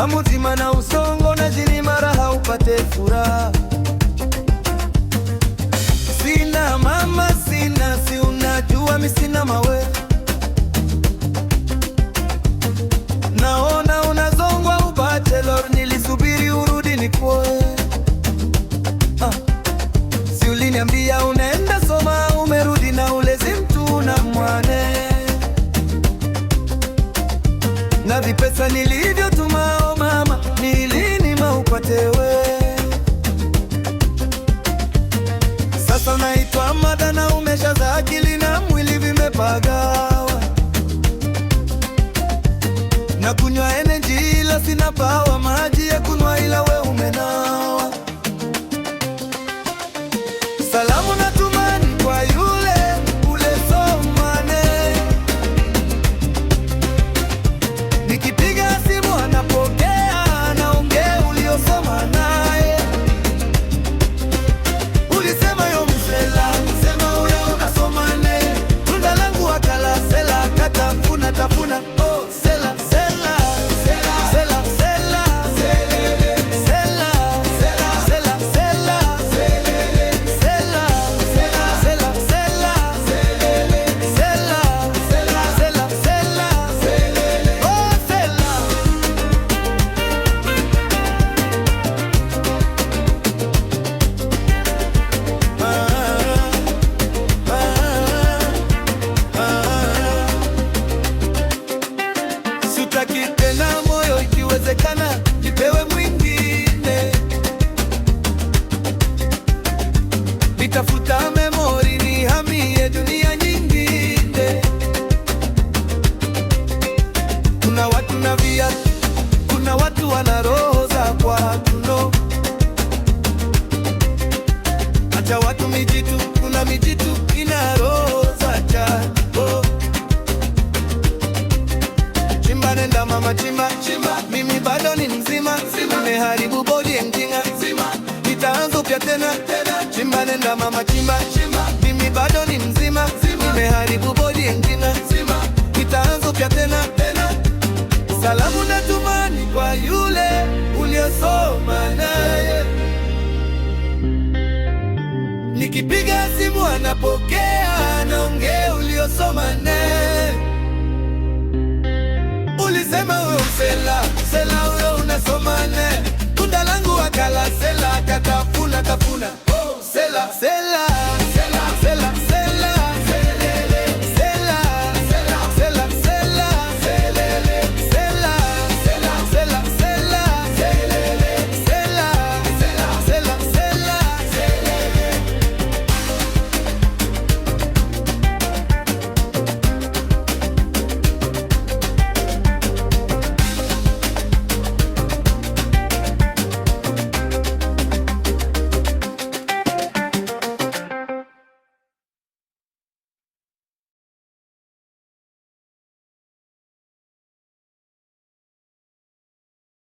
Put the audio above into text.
Hamutima na usongo na jini mara haupate furaha. Sina mama, sina si unajua mi sina mawe. Naona unazongwa ubachelor, nilisubiri urudi nikwoe. Ah, si uliniambia unaenda soma, umerudi na ulezi mtu na mwane na vipesa nilivyotuma ni lini maupate we? Sasa naitwa mada na umeshaza, akili na mwili vimepagawa na kunywa energy ila sina pawa Sitaki tena moyo, ikiwezekana jipewe mwingine, nitafuta chimba, chimba, mimi bado ni mzima, nimeharibu bodi ya mjinga, nitaanza upya tena. Chimba nenda mama chimba, chimba, mimi bado ni mzima, nimeharibu bodi ya mjinga, nitaanza upya tena. Salamu natumani kwa yule uliosoma